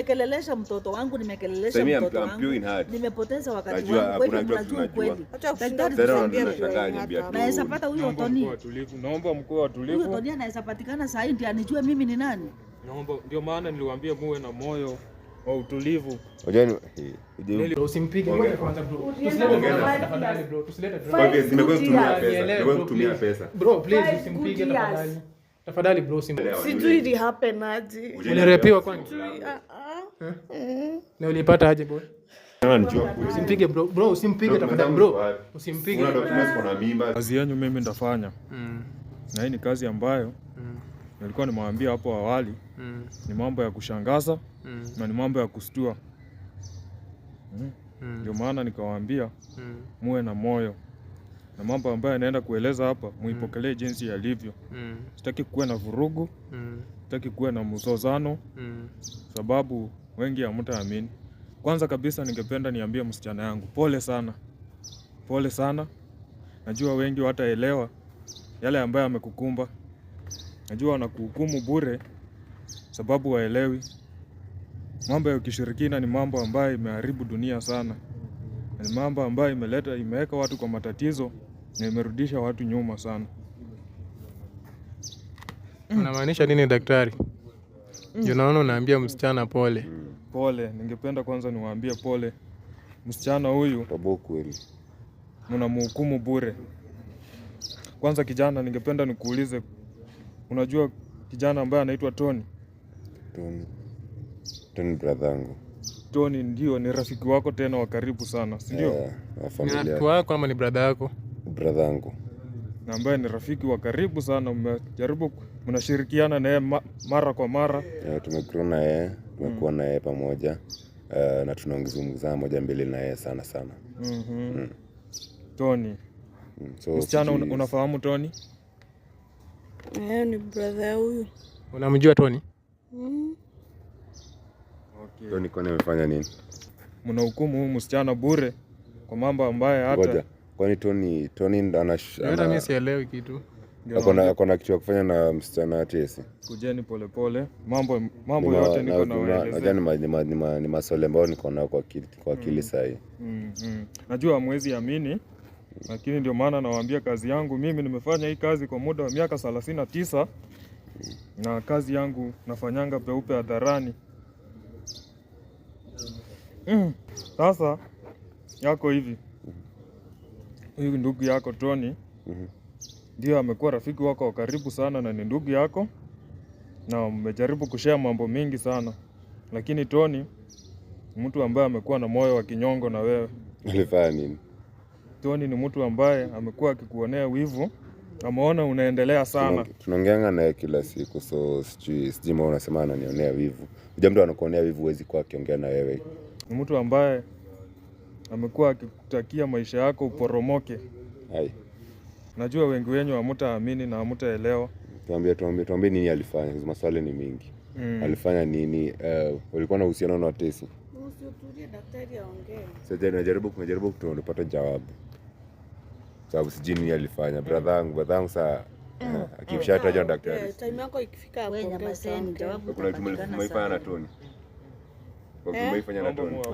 nimekelelesha mtoto wangu, nimekelelesha mtoto wangu, nimepoteza wakati wangu. Kwa hivyo mnajua kweli, naweza pata huyo Otoni, naomba mkuu atulivu. Huyo Otoni anaweza patikana saa hii, ndiye anijue mimi ni nani. Naomba, ndio maana niliwaambia muwe na moyo wa utulivu. Usimpige kwanza bro. Tusilete bro. Nimekuwa kutumia pesa. pesa. Bro please usimpige tafadhali. Tafadhali bro, sijui ili happen aje. Ulirepiwa kwani? Ah, ah. eh. Na ulipata aje boy? Usimpige bro, bro, usimpige tafadhali bro. Usimpige. Kazi yenu mimi ndafanya mm. Na hii ni kazi ambayo mm. nilikuwa nimewaambia hapo awali mm. ni mambo ya kushangaza mm. na ni mambo ya kustua mm. ndio mm. mm. maana nikawaambia mm. muwe na moyo mm na mambo ambayo anaenda kueleza hapa muipokelee mm. jinsi yalivyo. Mm. Sitaki kuwe na vurugu. Mm. Sitaki kuwe na mzozano. Mm. Sababu wengi hamtaamini. Kwanza kabisa ningependa niambie msichana yangu, pole sana. Pole sana. Najua wengi wataelewa yale ambayo amekukumba. Najua wanakuhukumu bure sababu waelewi. Mambo ya kishirikina ni mambo ambayo imeharibu dunia sana. Ni mambo ambayo imeleta imeweka watu kwa matatizo na imerudisha watu nyuma sana. Mm. Unamaanisha nini daktari? Mm. Ndio naona unaambia msichana pole. Pole, ningependa kwanza niwaambie pole msichana huyu mnamhukumu bure. Kwanza kijana, ningependa nikuulize, unajua kijana ambaye anaitwa Tony? Tony, Tony bradhangu. Tony ndio, ni rafiki wako tena wa karibu sana, si ndio? Yeah, ni rafiki wako ama ni bradha yako? brother yangu na ambaye ni rafiki wa karibu sana, mmejaribu mnashirikiana na mara kwa mara yeah, tumekuwa na tumekuwa mm. Eh, na pamoja uh, na tunaongezungumza moja mbili na sana sana mm -hmm. mm. Tony mm. so, msichana un, unafahamu Tony? Yeah, ni brother huyu. Unamjua Tony? mm. Okay. Tony kwani amefanya nini? Mnahukumu huyu msichana bure kwa mambo ambayo hata Boja. Kwani Tony Tony anashana. Mimi sielewi kitu. Ako na kitu ya kufanya na msichana Chesi. Kujeni polepole. Mambo mambo yote niko na wewe. Ni maswali ambayo niko nayo kwa akili kwa akili mm. sahi. Mm, mm. Najua mwezi amini. Lakini ndio maana nawaambia kazi yangu mimi nimefanya hii kazi kwa muda wa miaka thelathini na tisa na kazi yangu nafanyanga peupe hadharani. Sasa yako hivi huyu ndugu yako Tony mm-hmm. ndio amekuwa rafiki wako wa karibu sana na ni ndugu yako, na mmejaribu kushare mambo mingi sana, lakini Tony mtu ambaye amekuwa na moyo wa kinyongo na wewe. Ulifanya nini? Tony ni mtu ambaye amekuwa akikuonea wivu, ameona unaendelea sana. Tunaongeanga naye kila siku, so sijui sijui, unasema ananionea wivu. Ujamtu anakuonea wivu, huwezi kuwa akiongea na wewe. Ni mtu ambaye amekuwa akikutakia maisha yako uporomoke. Hai. Najua wengi wenyu hamtaamini na hamtaelewa. Tuambie, tuambie, tuambie nini alifanya? maswali ni mingi. Mm. Alifanya nini? Uh, eh, walikuwa na uhusiano na Tesi? Usiutulie daktari aongee. Sasa najaribu najaribu kutupata jawabu. Sababu sijui nini alifanya. Brother yangu, brother yangu saa mm. eh, akishataja daktari. Eh, time yako ikifika hapo. Kuna mtu mlifanya na Tony. Eh?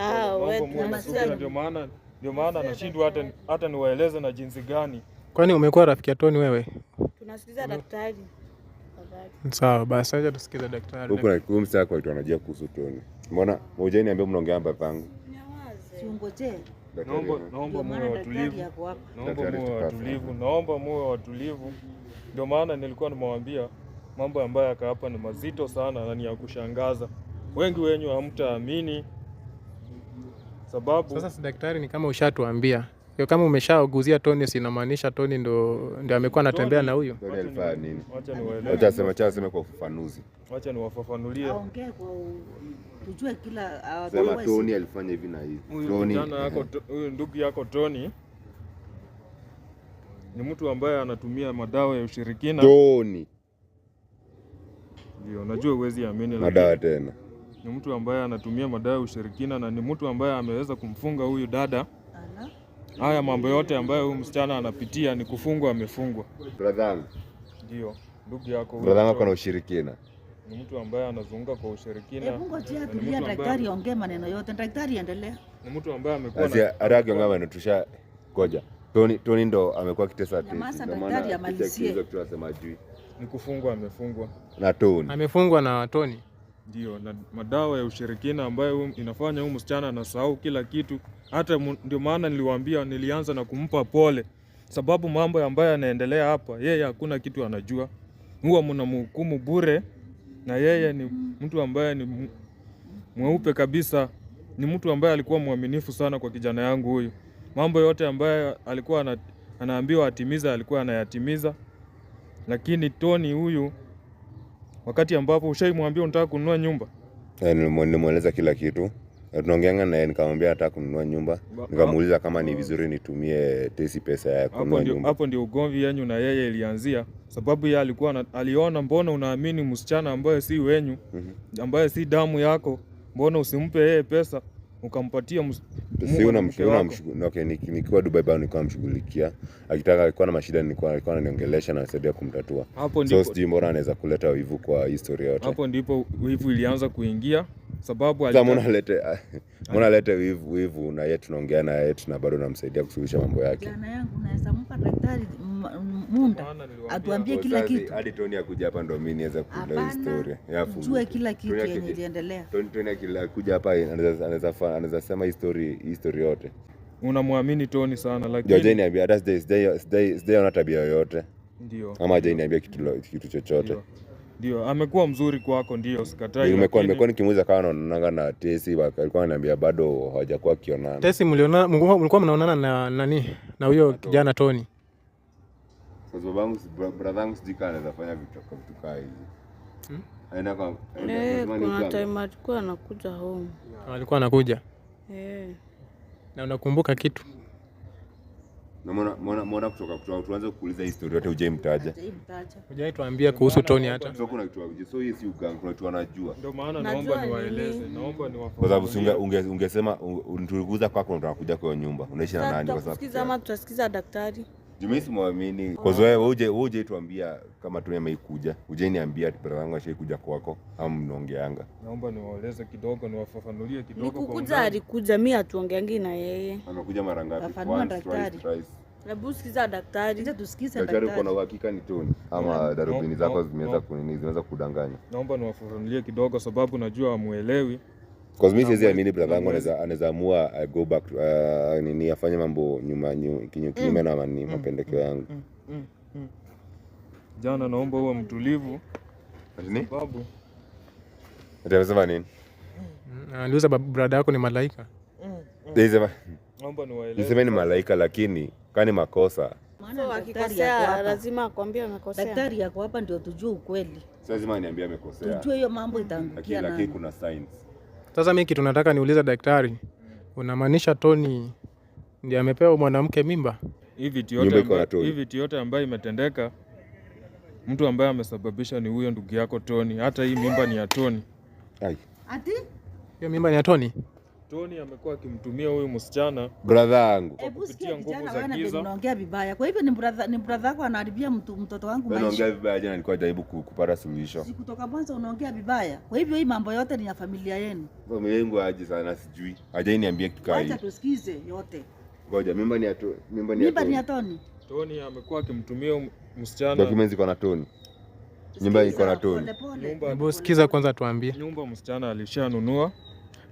Ah, ndio maana ndio maana nashindwa hata niwaeleze na jinsi gani. Kwani umekuwa rafiki ya Toni wewe? Tunasikiza hmm. daktari. Sawa basi, acha tusikize daktari. Huko na kumsa yako watu wanajia kuhusu Toni. Mbona moja ni ambia mnaongea hapa pangu? Naomba muwe watulivu. Naomba muwe watulivu. Naomba muwe watulivu. Ndio maana nilikuwa nimewaambia mambo ambayo yaka hapa ni mazito sana na ni ya kushangaza wengi wenyu hamtaamini sababu. Sasa si daktari, ni kama ushatuambia kama umeshauguzia Tony, si inamaanisha Tony ndo ndio amekuwa anatembea na huyo. Acha sema kwa ufafanuzi, acha niwafafanulie, tujue kila uh, sema. Tony alifanya hivi na hivi. Tony huyo ndugu yako Tony ni mtu ambaye anatumia madawa ya ushirikina. Tony ndio, najua uwezi amini madawa tena ni mtu ambaye anatumia madawa ya ushirikina na ni mtu ambaye ameweza kumfunga huyu dada. Haya mambo yote ambayo huyu msichana anapitia ni kufungwa, amefungwa. Bradhangu ndio ndugu yako, bradhangu ako na ushirikina ni mtu ambaye anazunguka kwa ushirikina. Hebu tulia, daktari ongee maneno yote. Daktari endelea. Ni mtu ambaye amekuwa na Arage atakiongea maneno tusha goja. Toni Toni ndo amekuwa kitesa ati. Daktari amalizie. Ni kufungwa amefungwa. Na Toni. Amefungwa na Toni. Ndio, na madawa ya ushirikina ambayo inafanya huyu msichana anasahau kila kitu. Hata ndio maana niliwaambia, nilianza na kumpa pole, sababu mambo ambayo yanaendelea hapa, yeye hakuna kitu anajua. Huwa mnamhukumu bure, na yeye ni mtu ambaye ni mweupe kabisa. Ni mtu ambaye alikuwa mwaminifu sana kwa kijana yangu huyu. Mambo yote ambayo alikuwa ana, anaambiwa atimiza alikuwa anayatimiza, lakini Toni huyu wakati ambapo ushaimwambia unataka kununua nyumba? Eh, nilimweleza kila kitu, eh, tunaongeanga naye, nikamwambia nataka kununua nyumba, nikamuuliza kama ni vizuri nitumie Tesi pesa ya kununua nyumba. Hapo ndio ugomvi yenyu na yeye ilianzia, sababu yeye alikuwa aliona, mbona unaamini msichana ambaye si wenyu, mhm. ambaye si damu yako, mbona usimpe yeye pesa? ukampatia nikiwa Dubai bado nilikuwa namshughulikia, akitaka alikuwa na mashida, nilikuwa alikuwa ananiongelesha na nasaidia kumtatua. So sijui mbona anaweza kuleta wivu kwa historia yote. Hapo ndipo wivu ilianza kuingia, sababu ah, mbona alete wivu na yeye tunaongea na yeye na bado namsaidia kusuluhisha mambo yake. Munda atuambie kila kitu. Hadi Tony akuja hapa ndo mimi niweza kuelewa historia. Yafu jua kila kitu yenye iliendelea. Toni kila kuja hapa anaweza anaweza sema history history yote. Unamwamini Toni sana lakini Jojo niambia hata sijai sijai sijai ona tabia yoyote. Ndio. Ama hajai niambia kitu kitu chochote. Ndio, amekuwa mzuri kwako, ndio sikatai. Nimekuwa nimekuwa nikimuuliza kama anaonana na Tesi, alikuwa ananiambia bado hawajakuwa kionana. Tesi mliona mlikuwa mnaonana na nani? Na huyo kijana Tony. Kwa sababu brother sijui kama anaweza fanya vitu hizi hmm? eh, kuna time alikuwa anakuja home. Ah, alikuwa anakuja eh. na unakumbuka kitu? Mona kutoka kutoka, tuanze kuuliza historia yote, hujaimtaja kuhusu Tony hata. kuna kitu so kuna kitu anajua. Ndio maana naomba niwaeleze, naomba niwafahamu, kwa sababu unge ungesema tulikuza kwako, ndo unakuja kwa nyumba, unaishi na nani? Kwa sababu ama tutasikiza daktari Jumei simwamini kwa uje uje tuambia kama tu ameikuja, uje niambia brada yangu ashaikuja kwako au mnaongeanga. Naomba niwaeleze kidogo, niwafafanulie kidogo. Ni alikuja, mi atuongeangi na yeye. Amekuja mara ngapi? Hebu sikiza daktari, tusikize daktari. Uko na uhakika ni Toni ama darubini zako zimeweza kunini, zimeweza kudanganya? Naomba niwafafanulie kidogo, sababu najua amuelewi. Cause mi siwezi amini anaweza amua I uh, go back uh, nini afanye mambo nyuma kinyume mm. na mani mm, mapendekeo mm, yangu. Jana naomba uwe mtulivu. Nini? Babu. nini? Aliuza yako ni malaika. ni malaika lakini kani ni makosa akikosea lazima amekosea. Daktari yako hapa ndio tujue ukweli. Lazima amekosea. Tujue hiyo mambo itaangukia nani. Lakini kuna signs. Sasa mi kitu nataka niulize daktari, unamaanisha Toni ndiye amepewa mwanamke mimba? Hii vitu yote ambayo imetendeka, mtu ambaye amesababisha ni huyo ndugu yako Toni. Hata hii mimba ni ya Toni. Hiyo mimba ni ya Toni. Tony amekuwa akimtumia huyu msichana brother yangu kupitia nguvu za giza. Unaongea vibaya. Kwa hivyo ni brother ni brother yako anaharibia mtu mtoto wangu maisha. Unaongea vibaya jana, nilikuwa jaribu kupata suluhisho. Si kutoka mwanzo unaongea vibaya. Kwa hivyo hii mambo yote ni ya familia yenu. Familia yangu aje sana sijui. aje niambie kitu kai. Acha tusikize yote. Ngoja mimba ni ya Tony. Mimba ni ya Tony. Mimba ni ya Tony. Tony amekuwa akimtumia msichana. Dokumenti ziko na Tony. Nyumba iko na Tony. Nyumba. Sikiza kwanza tuambie. Nyumba msichana alishanunua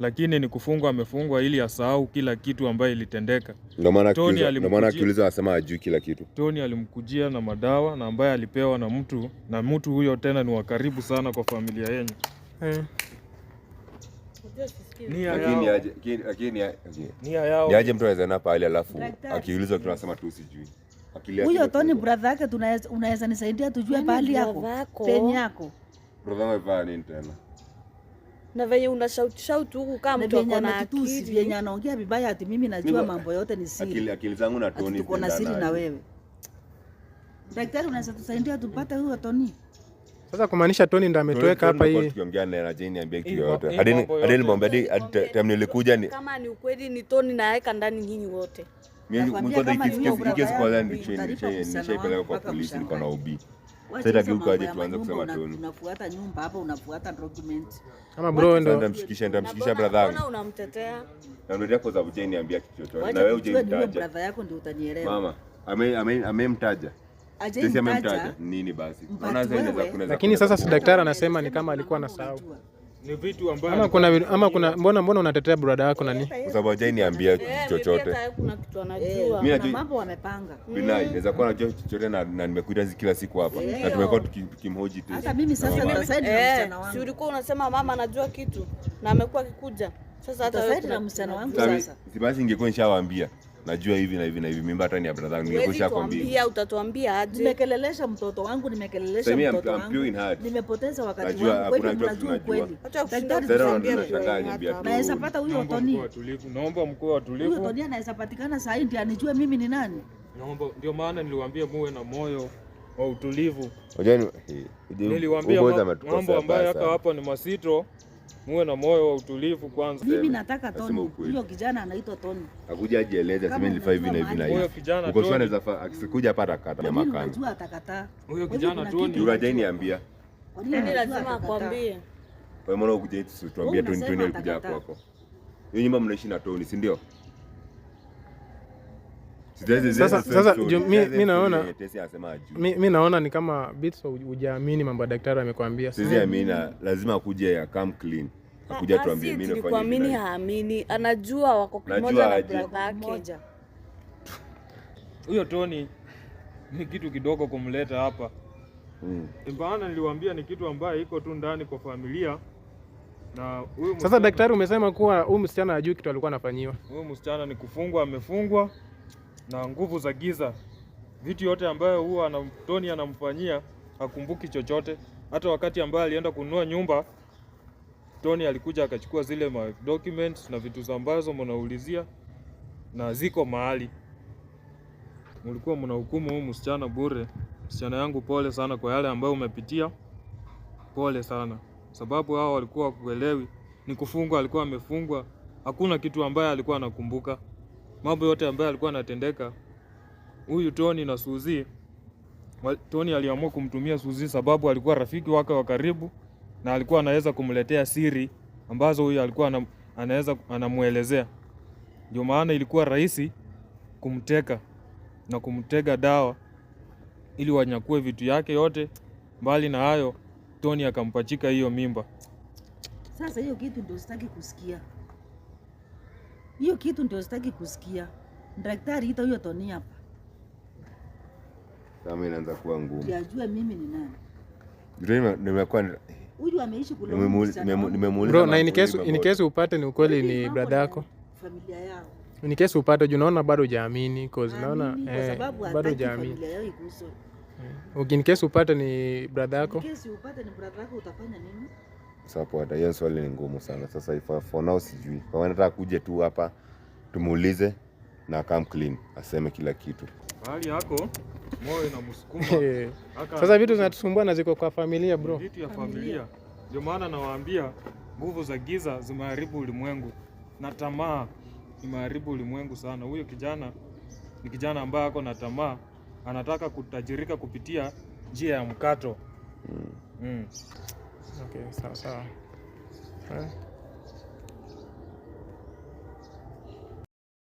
lakini ni kufungwa amefungwa ili asahau kila kitu ambayo ilitendeka. Ndio maana akiuliza anasema ajui kila kitu. Tony alimkujia na madawa na ambaye alipewa na mtu na mtu huyo tena ni wa karibu sana kwa familia yenyu hey. Eh. Ni aje mtu aweza na pale alafu akiulizwa kitu anasema tu sijui. Huyo Tony brother yake, unaweza nisaidia tujue yaani pahali yako penye yako. Brother wangu nini tena? na venye una shauti shauti huku kama mtu ako na akili venye anaongea vibaya, ati mimi najua mambo yote ni siri. Akili, akili zangu na Tony tuko na siri na wewe daktari, unaweza tusaidia tupate huyo Tony. Sasa kumaanisha Tony ndo ametoweka hapa hii. Tukiongea naye na Jane niambie kitu yote. Hadi hadi mwambie hadi time nilikuja ni kama ni ukweli ni Tony na aweka ndani nyinyi wote. Mimi mko kwanza ikifika kesi kwanza ndio chini chini nishapeleka kwa polisi niko na ubii Unafuata nyumba hapa, unafuata document kama bro, ndo ndamshikisha ndamshikisha brother yangu. unamtetea? Na ndio yako za niambia kitu chochote, na wewe uje brother yako, ndio utanielewa. Mama ame amemtaja nini basi, lakini sasa si daktari anasema ni kama alikuwa anasahau ni vitu ambavyo ama kuna, ama kuna mbona mbona unatetea brother yako nani? Kwa sababu hajai niambia eh, chochote. Mimi kitu mambo wamepanga. Binai, naweza kuwa najua chochote na, na nimekuita kila siku hapa eh, na tumekuwa tukimhoji tu. Hata mimi sasa ndio sasa ndio msichana wangu. Si ulikuwa unasema mama anajua kitu na amekuwa akikuja. Sasa hata wewe na msichana wangu sasa. Sibasi ingekuwa nishawaambia najua hivi na hivi na hivi, mimba hata ni ya brother wangu ningekosha kwambia. Pia utatuambia aje? Nimekelelesha mtoto wangu, nimekelelesha mtoto wangu, nimepoteza wakati wangu, kweli mnajua kweli. Naweza pata huyo Otoni, naomba mkoa wa tulivu. Huyo Otoni anaweza patikana saa hii, ndiye anijue mimi ni nani. Naomba, ndio maana niliwaambia muwe na moyo wa utulivu. Unajua eh, Niliwaambia mambo ambayo hapa ni masito muwe na moyo wa utulivu kwanza. Mimi nataka Tony. Huyo kijana anaitwa Tony. Akuja ajieleze aseme nilifaa hivi na hivi na hivi. Huyo kijana Toni. Uko anaweza faa akisikuja hapa atakata jamaa kana. Unajua atakataa. Huyo kijana Toni. Urajai niambia. Kwa nini lazima akwambie? Kwa maana ukuje tu tuambie Tony Tony alikuja kwako. Hiyo nyumba mnaishi na Tony, si ndio? mi naona ni kama bits ujaamini mambo ya daktari amekwambia. amina, lazima akuje akam clean akuja tuambie mimi nafanya hivi. Kuamini haamini, anajua wako kimoja na brother huyo. Tony ni kitu kidogo kumleta hapa mbana, mm. Maana niliwaambia ni kitu ambaye iko tu ndani kwa familia na huyu. Sasa daktari umesema kuwa huyu msichana ajui kitu alikuwa anafanyiwa. Huyu msichana ni kufungwa, amefungwa na nguvu za giza. Vitu yote ambayo huwa Tony anamfanyia hakumbuki chochote. Hata wakati ambaye alienda kununua nyumba, Tony alikuja akachukua zile ma documents na vitu ambazo mnaulizia na ziko mahali. Mlikuwa mnahukumu huyu msichana bure. Msichana yangu, pole sana kwa yale ambayo umepitia, pole sana sababu hao walikuwa kuelewi Ni kufungwa alikuwa amefungwa, hakuna kitu ambaye alikuwa anakumbuka mambo yote ambayo alikuwa anatendeka huyu Toni na Suzi. Toni aliamua kumtumia Suzi sababu alikuwa rafiki wake wa karibu na alikuwa anaweza kumletea siri ambazo huyu alikuwa anaweza anamwelezea. Ndio maana ilikuwa rahisi kumteka na kumtega dawa ili wanyakue vitu yake yote. Mbali na hayo, Toni akampachika hiyo mimba. Sasa hiyo kitu ndio sitaki kusikia. Hiyo kitu ndio sitaki kusikia. Daktari, ita huyo Toni hapa. Kama inaanza kuwa ngumu. Yajue mimi ni nani. Ndio nimekuwa huyu ameishi kule. Nimemuuliza. Bro, na in case upate ni ukweli ni brother yako. Familia yao. Ni kesi upate juu naona bado hujaamini cause naona eh, bado hujaamini. Eh, in case upate ni brother yako. In case upate ni brother yako utafanya nini? sapota. Hiyo swali ni ngumu sana. Sasa ifa for now sijui. Kwa maana nataka kuja tu hapa tumuulize na come clean aseme kila kitu. Hali yako moyo inamsukuma. Eh. Sasa vitu zinatusumbua na ziko kwa familia bro. Vitu ya familia. Ndio maana nawaambia nguvu za giza zimeharibu ulimwengu na tamaa imeharibu ulimwengu sana. Huyo kijana ni kijana ambaye ako na tamaa, anataka kutajirika kupitia njia ya mkato. Mm. Mm. Okay, sawa sawa.